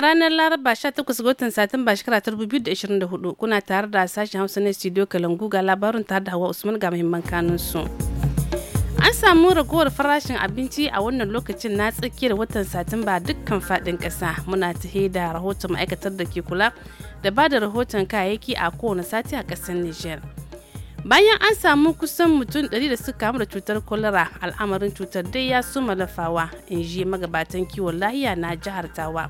ranar Laraba 18 ga watan Satumba shekara 2024 kuna tare da sashen Hausa na studio Kalangu ga labarin tare da Hawa Usman ga muhimman kanun su. An samu ragowar farashin abinci a wannan lokacin na tsakiyar watan Satumba dukkan fadin kasa. Muna ta da rahoton ma'aikatar da ke kula da ba da rahoton kayayyaki a kowane sati a kasar Nijar. Bayan an samu kusan mutum 100 da suka kamu da cutar kwalara al'amarin cutar dai ya suma lafawa in ji magabatan kiwon lahiya na jihar Tawa.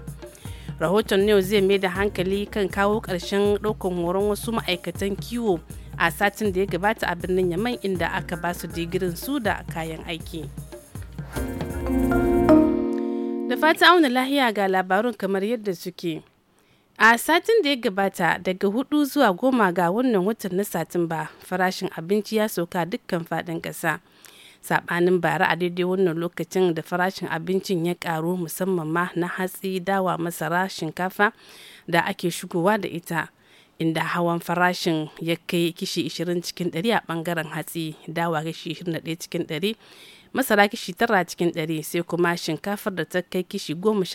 rahoton yau zai mai da hankali kan kawo ƙarshen ɗaukan horon wasu ma'aikatan kiwo a satin da ya gabata a birnin yaman inda aka ba su digirin su da kayan aiki da fata auna lahiya ga labarun kamar yadda suke a satin da ya gabata daga hudu zuwa goma ga wannan watan na satin ba farashin abinci ya sauka dukkan faɗin ƙasa. sabanin bara a daidai wannan lokacin da farashin abincin ya karu musamman ma na hatsi dawa masara shinkafa da ake shigowa da ita inda hawan farashin ya kai kishi 20 cikin 100 a bangaren hatsi dawa kishi 21 cikin 100 masara kishi 9 cikin 100 sai kuma shinkafar da ta kai kishi 19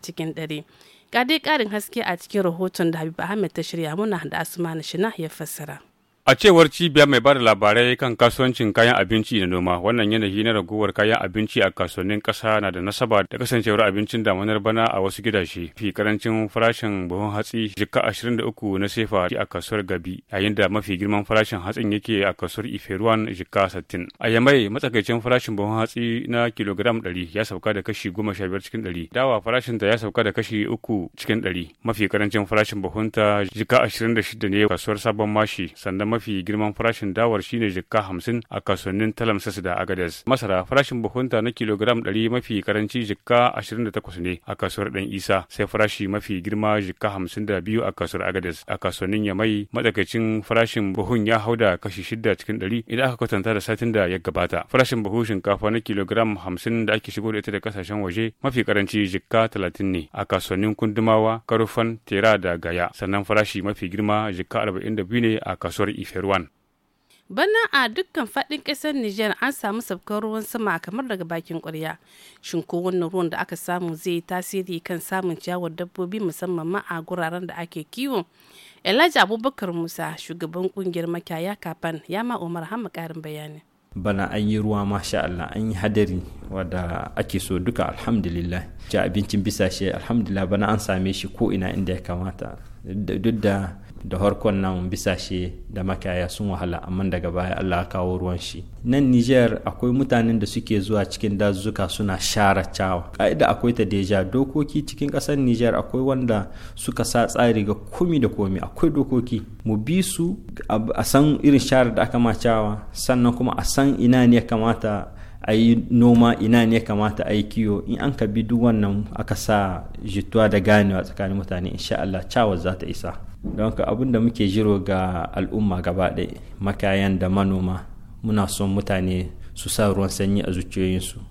cikin 100 ga dai karin haske a cikin rahoton da habib ahmed ta shirya muna da asuma na shina ya fassara A cewar cibiya mai ba da labarai kan kasuwancin kayan abinci da noma, wannan yanayi na raguwar kayan abinci a kasuwannin ƙasa na da nasaba da kasancewar abincin damanar bana a wasu gidaje. Fi karancin farashin buhun hatsi jika 23 na sefa a kasuwar Gabi, yayin da mafi girman farashin hatsin yake a kasuwar Iferuwan jika 60. A Yamai, matsakaicin farashin buhun hatsi na kilogram 100 ya sauka da kashi 15 cikin 100. Dawa farashin ta ya sauka da kashi 3 cikin 100. Mafi karancin farashin buhunta jika 26 ne kasuwar Sabon Mashi, sannan mafi girman farashin dawar shine jikka hamsin a kasuwannin talamsas da agades masara farashin buhunta na kilogram ɗari mafi karanci jikka ashirin da takwas ne a kasuwar ɗan isa sai farashi mafi girma jikka hamsin da biyu a kasuwar agades a kasuwannin yamai matsakaicin farashin buhun ya hau da kashi shida cikin ɗari idan aka kwatanta da satin da ya gabata farashin buhun shinkafa na kilogram hamsin da ake shigo da ita da kasashen waje mafi karanci jikka talatin ne a kasuwannin kundumawa karufan tera da gaya sannan farashi mafi girma jikka arba'in da biyu ne a kasuwar ife Ferwan. Bana a dukkan faɗin ƙasar Nijar an samu sabkar ruwan sama kamar daga bakin ƙwarya. Shin ko wannan ruwan da aka samu zai yi tasiri kan samun ciyawar dabbobi musamman ma a guraren da ake kiwo? Elijah Abubakar Musa, shugaban ƙungiyar makiyaya kafan, ya ma Umar Hamma ƙarin bayani. bana an yi ruwa masha Allah an yi hadari wadda ake so duka alhamdulillah ci abincin bisashe alhamdulillah bana an same shi ko ina inda ya kamata duk da da harkon nan bisashe da makiyaya sun wahala amma daga baya Allah kawo ruwan shi nan Niger akwai mutanen da suke zuwa cikin dazuka suna shara cawa ka'ida akwai ta deja dokoki cikin ƙasar Niger akwai wanda suka sa tsari ga kumi da komi akwai dokoki mu bi su a san irin share da aka ma cawa sannan kuma a san ina ne ya kamata a yi noma ina ne kamata a yi kiwo in an ka bi duk wannan aka sa jituwa da ganewa tsakanin mutane insha Allah cawa za ta isa don ka abin da muke jiro ga al'umma gaba ɗaya makayan da manoma muna son mutane su sa ruwan sanyi a zuciyoyinsu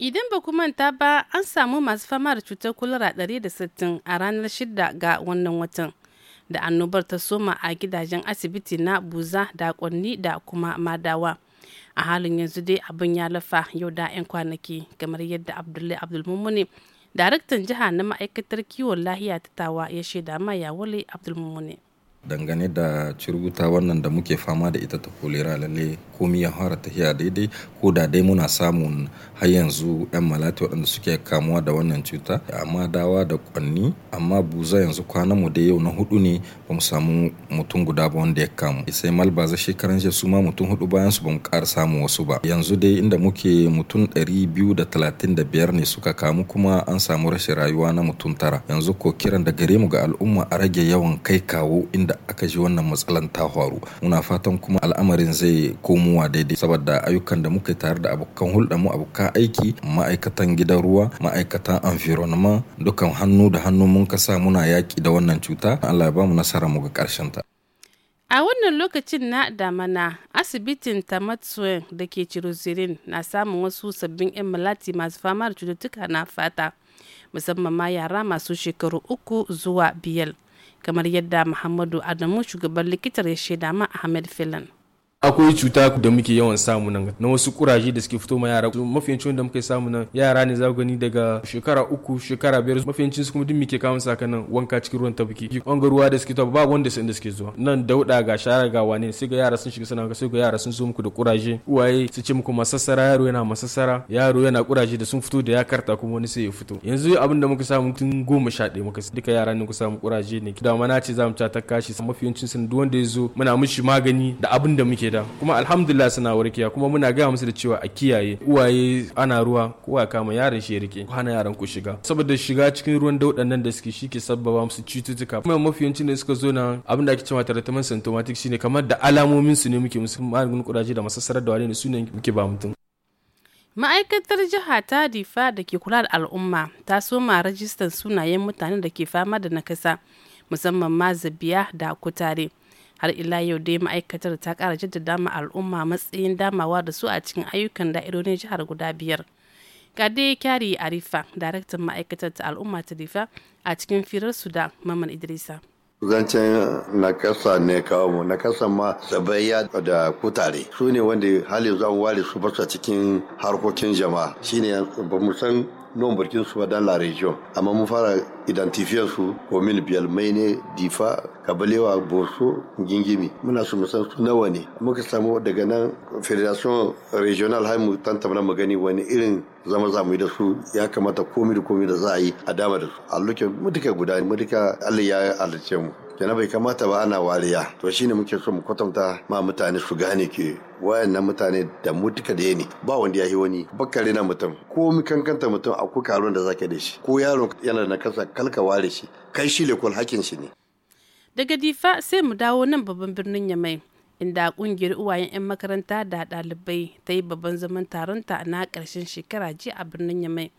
idan ba kuma manta ba an samu masu fama da cutar kulara 160 a ranar 6 ga wannan watan da annobar ta soma a gidajen asibiti na buza da kwanni da kuma madawa a halin yanzu dai abin ya lafa yau da 'yan kwanaki kamar yadda abdullahi abdulmumuni daraktan jiha na ma'aikatar kiwon lahiya ta tawa ya shaida ma Wale abdulmumune Dangane da cirguta wannan da muke fama da ita ta kolera lalle komi ya fara tafiya daidai ko da dai muna samun har yanzu 'yan malati waɗanda suke kamuwa da wannan cuta amma dawa da kwanni amma buza yanzu kwanan mu dai yau na hudu ne ba mu samu mutum guda ba wanda ya kamu sai malbaza shekaran jiya su ma mutum hudu bayan su ba mu ƙara samun wasu ba yanzu dai inda muke mutum ɗari biyu da talatin da biyar ne suka kamu kuma an samu rashin rayuwa na mutum tara yanzu ko kiran da gare mu ga al'umma a rage yawan kai kawo inda da aka ji wannan matsalan ta faru muna fatan kuma al'amarin zai komowa daidai saboda ayyukan da muka tare da abokan hulɗa mu abokan aiki ma'aikatan gidan ruwa ma'aikatan environment dukan hannu da hannu mun kasa muna yaƙi da wannan cuta Allah ya ba mu nasara mu ga ƙarshen ta A wannan lokacin na damana, asibitin Tamatsuwen da ke Cirozirin na samun wasu sabbin 'yan malati masu fama da cututtuka na fata, musamman ma yara masu shekaru uku zuwa biyar. kamar yadda muhammadu adamu shugaban likitar ya shaida ma ahmed filan akwai cuta da muke yawan samu nan na wasu kuraje da suke fito ma yara mafiyancin da muke samu nan yara ne za gani daga shekara uku shekara biyar mafiyancin su kuma duk muke kawo saka nan wanka cikin ruwan tafki an ga ruwa da suke ba wanda sai da suke zuwa nan dauda ga shara ga wane sai ga yara sun shiga sana sai ga yara sun zo muku da kuraje uwaye su ce muku masassara yaro yana masassara yaro yana kuraje da sun fito da ya karta kuma wani sai ya fito yanzu abin da muka samu tun goma sha ɗaya muka duka yara ne ku samu kuraje ne da mana ce za mu ta kashi mafiyancin sun duk wanda ya zo muna mishi magani da abin da muke shaida kuma alhamdulillah suna warkiya kuma muna gaya musu da cewa a kiyaye uwaye ana ruwa kowa kama yaran shi ya ko hana yaran ku shiga saboda shiga cikin ruwan daudan nan da suke shi ke sabbaba musu cututtuka kuma mafi yancin da suka zo na abin da ake cewa tarataman symptomatic shine kamar da alamomin su ne muke musu maganin kudaje da masassarar da wane ne su ne muke ba mutum ma'aikatar jiha ta difa da ke kula da al'umma ta soma rajistan sunayen mutanen da ke fama da nakasa musamman ma zabiya da kutare har ila yau dai ma'aikatar ta kara jaddada ma al'umma matsayin damawa da su a cikin ayyukan da'irorin jihar guda biyar kade kyari arifa daraktan ma'aikatar ta al'umma ta difa a cikin firar su da maman idrisa zancen nakasa ne kawo mu nakasa ma sabayya da kutare su ne wanda hali zan ware su basu cikin harkokin jama'a shine ba mu san non burkina su dans la région amma mun fara identifier su min biyal mai ne difa kabalewa boso gingimi muna su musan su nawa ne muka samu daga nan federation regional haimu tantamna mu gani wani irin zama zamu da su ya kamata komi da komi da za a yi a dama da su a mu duka guda duka allah ya halarce mu kenan bai kamata ba ana wariya to shine muke so mu kwatanta ma mutane su gane ke wayannan mutane da mu duka da ne ba wanda ya yi wani bakare na mutum ko mu kankanta mutum akwai karuwan da zaka da shi ko yaron yana da kasa kalka ware shi kai shi kul hakin shi ne daga difa sai mu dawo nan babban birnin yamai inda kungiyar uwayen 'yan makaranta da ɗalibai ta yi babban zaman taronta na karshen shekara jiya a birnin yamai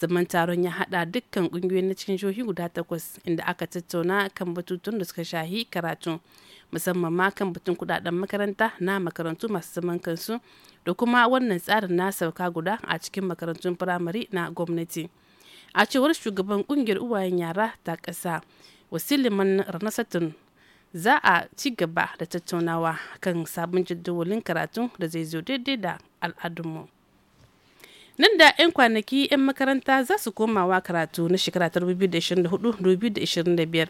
zaman taron ya hada dukkan kungiyoyi na cikin jihohi guda takwas inda aka tattauna kan batutun da suka shahi karatu musamman ma kan batun kudaden makaranta na makarantu masu zaman kansu da kuma wannan tsarin na sauka guda a cikin makarantun firamare na gwamnati a cewar shugaban kungiyar uwayen yara ta kasa wasiliman ranasatun za a ci gaba da tattaunawa kan sabon jadawalin karatu da zai zo daidai da al'adunmu nan da 'yan kwanaki 'yan makaranta za su komawa karatu na shekara 2024-2025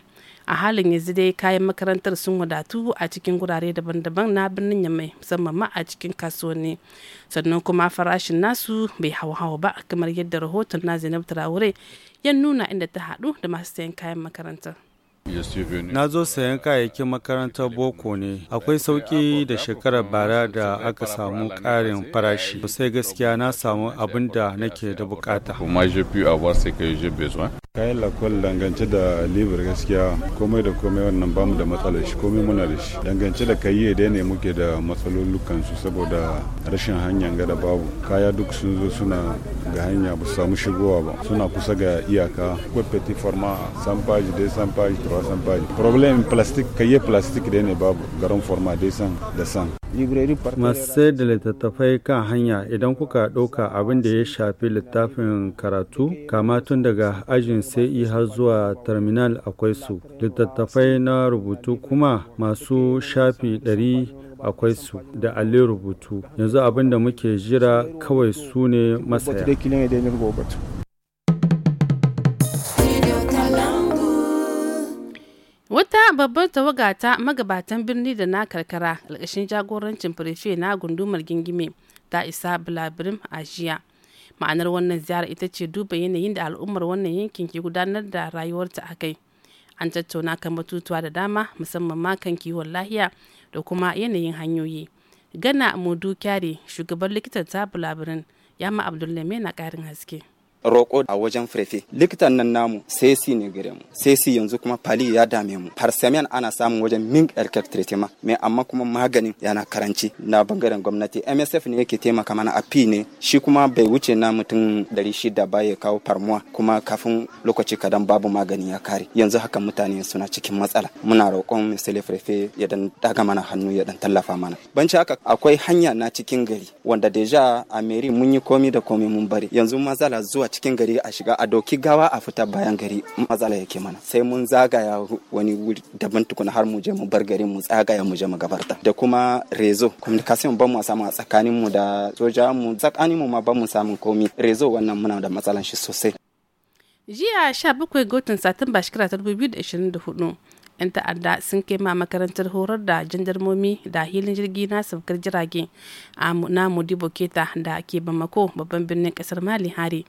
a halin yanzu dai kayan makarantar sun wadatu a cikin gurare daban-daban na birnin yamai musamman ma a cikin kasuwanni sannan kuma farashin nasu bai hau hawa ba kamar yadda rahoton na zainab traore ya nuna inda ta haɗu da masu sayan kayan makarantar Na zo sayan kayayyakin makarantar boko ne. Akwai sauƙi da shekarar bara da aka samu ƙarin farashi. Sai gaskiya na samu abin da nake da bukata. kayan lakwal dangance da libir gaskiya komai da komai wannan bamu da matsala shi komai muna da shi dangance da kayi da ne muke da matsalolukan su saboda rashin hanyar gada babu kaya duk sun zo suna ga hanya ba samu shigowa ba suna kusa ga iyaka kwai petit format dai wasan fari problem plastic da ne babu garin da masu da littattafai kan hanya idan kuka ɗauka abin da ya shafi littafin karatu kama tun daga ajin sai e har zuwa terminal akwai su littattafai na rubutu kuma masu shafi ɗari akwai su da ale rubutu yanzu abin da muke jira kawai su ne masaya babbar tawaga ta magabatan birni da na karkara alkashin jagorancin firfe na gundumar gingime ta isa bulabirin ajiya ma'anar wannan ziyara ita ce duba yanayin da al'ummar wannan yankin ke gudanar da rayuwarta a kai an tattauna kan batutuwa da dama musamman ma kan kiwon lahiya da kuma yanayin hanyoyi gana mudu kyare shugaban likitan ta bulabirin yamma abdullahi na ƙarin haske roƙo a wajen firfe likitan nan namu sesi ne gare mu sesi yanzu kuma pali ya dame mu parsemian ana samun wajen min erkek tretema mai amma kuma maganin yana karanci na bangaren gwamnati msf ne yake taimaka mana a p ne shi kuma bai wuce na mutum dari shida ba ya kawo farmuwa kuma kafin lokaci kadan babu magani ya kare yanzu haka mutane suna cikin matsala muna roƙon misali firefe ya dan daga mana hannu ya dan tallafa mana banci haka akwai hanya na cikin gari wanda deja a meri mun yi komi da komi mun bari yanzu matsala zuwa cikin gari a shiga a doki gawa a fita bayan gari matsala yake mana sai mun zagaya wani wuri daban tukuna har mu je mu bar garin mu tsagaya mu je mu gabarta da kuma rezo communication ban mu samu a tsakanin mu da soja mu tsakanin mu ma ban mu samu komi rezo wannan muna da matsalan shi sosai jiya 17 ga watan satumba shekara 2024 'yan ta'adda sun kai ma makarantar horar da jandarmomi da hilin jirgi na saukar jirage na modibo keta da ke bamako babban birnin kasar mali hari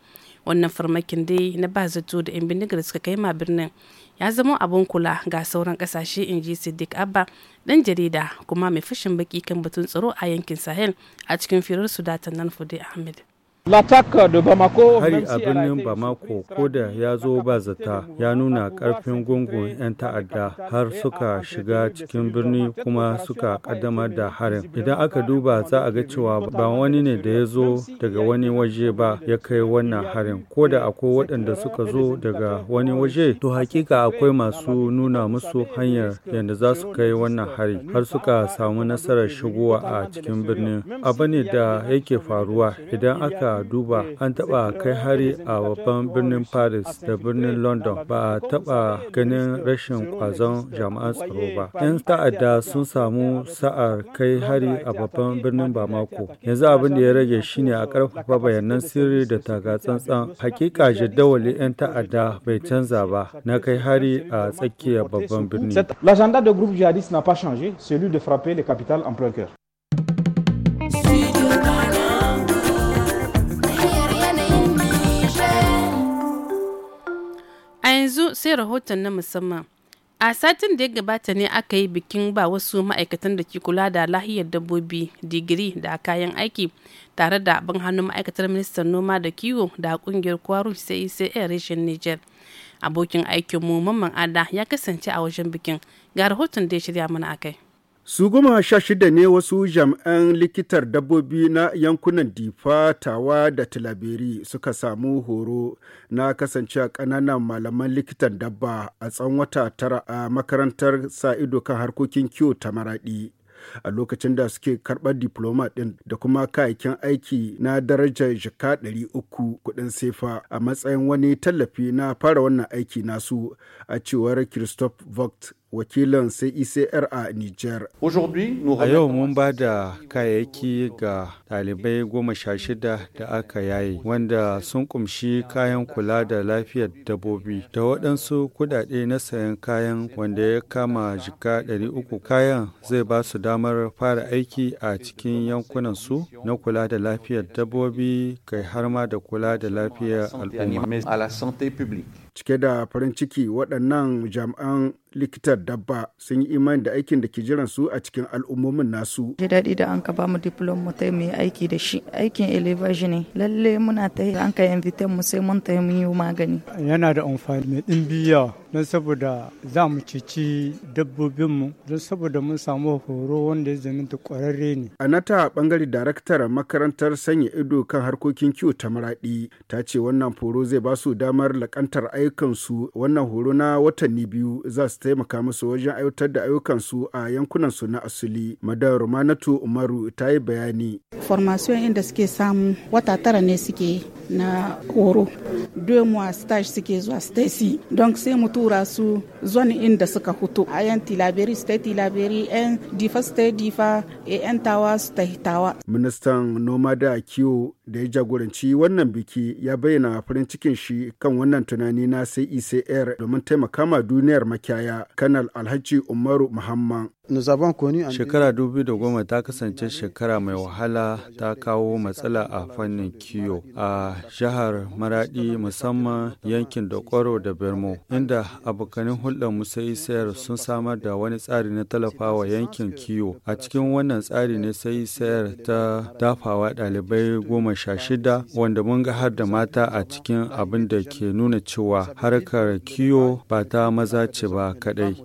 wannan farmakin dai na ba zato da 'yan bindigar suka kai ma birnin ya zama abun kula ga sauran kasashe in ji siddiq abba dan jarida kuma mai fashin baki kan batun tsaro a yankin sahel a cikin firar su da tannan fude ahmed Hari a birnin Bamako ko da ya zo ba zata ya nuna ƙarfin gungun 'yan ta'adda har suka shiga cikin birni kuma suka ƙaddamar da harin. Idan aka duba za a ga cewa ba wani ne da ya zo daga wani waje ba ya kai wannan harin ko da akwai waɗanda suka zo daga wani waje to hakika akwai masu nuna musu hanyar yadda za su kai wannan hari har suka samu nasarar shigowa a cikin birnin. Abu ne da yake faruwa idan aka duba an taɓa kai hari a babban birnin Paris da birnin London ba a taɓa ganin rashin kwazon jami'an tsaro ba. 'Yan ta'adda sun samu sa'ar kai hari a babban birnin Bamako. Yanzu abin da ya rage shine a ƙarfafa bayanan sirri da tsantsan. Hakika jadawali 'yan ta'adda bai canza ba na kai hari a tsakiyar babban birni. L'agenda du groupe jihadiste n'a pas changé, celui de frapper les capitales en yanzu sai rahoton na musamman. A satin da ya gabata ne aka yi bikin ba wasu ma'aikatan da ke kula da lahiyar dabbobi digiri da kayan aiki tare da abin hannun ma'aikatar ministan noma da kiwo da kungiyar kwaru sai e reshen Niger. Abokin aikin mu mamman ada ya kasance a wajen bikin ga rahoton da ya shirya mana akai. Su goma sha shida ne wasu jam'an likitar dabbobi na yankunan Difa, Tawa da Tilaberi suka samu horo na kasance a ƙananan malaman likitan dabba a tsawon wata tara a makarantar sa ido kan harkokin kiwo ta maraɗi. a lokacin da suke karɓar diploma ɗin da kuma kayakin aiki na darajar jika 300 kuɗin sefa a matsayin wani tallafi na fara wannan aiki nasu a cewar christophe vogt wakilan CICR e a Nijar. A yau mun ba da kayayyaki ga ɗalibai goma sha shida da aka yaye wanda sun kumshi kayan kula da lafiyar dabbobi da waɗansu kuɗaɗe na sayan kayan wanda ya kama jika ɗari uku kayan zai ba su damar fara aiki a cikin yankunan su na kula da lafiyar dabbobi kai har ma da kula da lafiyar al'umma. Cike da farin ciki waɗannan jami'an likitar dabba sun yi imani da aikin da ke jiran su a cikin al'ummomin nasu. Ji daɗi da an ka bamu diplom mu ta mai aiki da shi. Aikin elevage ne. Lalle muna ta an ka invite mu sai mun ta mun yi magani. Yana da amfani mai ɗimbiya don saboda za mu cici dabbobinmu don saboda mun samu horo wanda ya zamanta ƙwararre ne. A nata ɓangare daraktar makarantar sanya ido kan harkokin kiwo ta maraɗi ta ce wannan horo zai ba su damar lakantar ayyukansu wannan horo na watanni biyu za su taimaka musu wajen aiwatar da ayyukansu a yankunansu na asali. Madam Romanatu Umaru ta yi bayani. Formation inda suke samu wata tara ne suke na horo mois stage suke zuwa stacy don sai mu tura su zone inda suka hutu a yan tilaberi state tilaberi yan difa state difa a eh, yan tawa state tawa ministan noma da kiwo da ya jagoranci wannan biki ya bayyana farin cikin shi kan wannan tunani na sai icr e domin taimaka ma duniyar makiyaya kanal alhaji umaru muhammad Shekara da 2010 ta kasance shekara mai wahala ta kawo matsala a fannin kiyo a jihar Maradi musamman yankin da kwaro da Bermo, inda abokanin hulɗar musai sayar sun samar da wani tsari na talafawa yankin kiyo. A cikin wannan tsari ne sai sayar ta dafawa ɗalibai goma sha shida wanda mun ga har da mata a cikin abin da ke nuna cewa harkar kiyo ba ta maza ce ba kaɗai.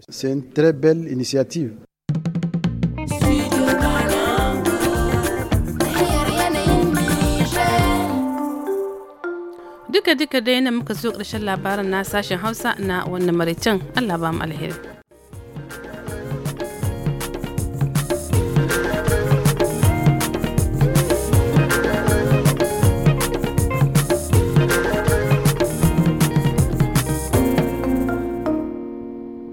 duka duka dai na muka zo ƙarshen labarin na sashen hausa na wannan maraicin allah ba mu alheri